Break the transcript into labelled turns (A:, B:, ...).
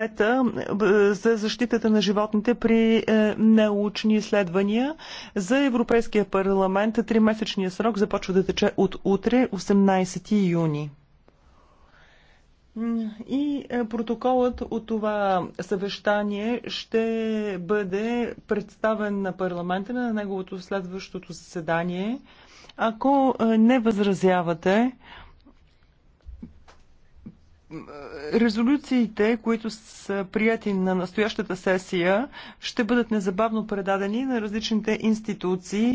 A: Комитета е, за защитата на животните при е, научни изследвания за Европейския парламент. Тримесечният срок започва да тече от утре, 18 юни. И е, протоколът от това съвещание ще бъде представен на парламента на неговото следващото заседание. Ако не възразявате, резолюциите, които са прияти на настоящата сесия, ще бъдат незабавно предадени на различните
B: институции.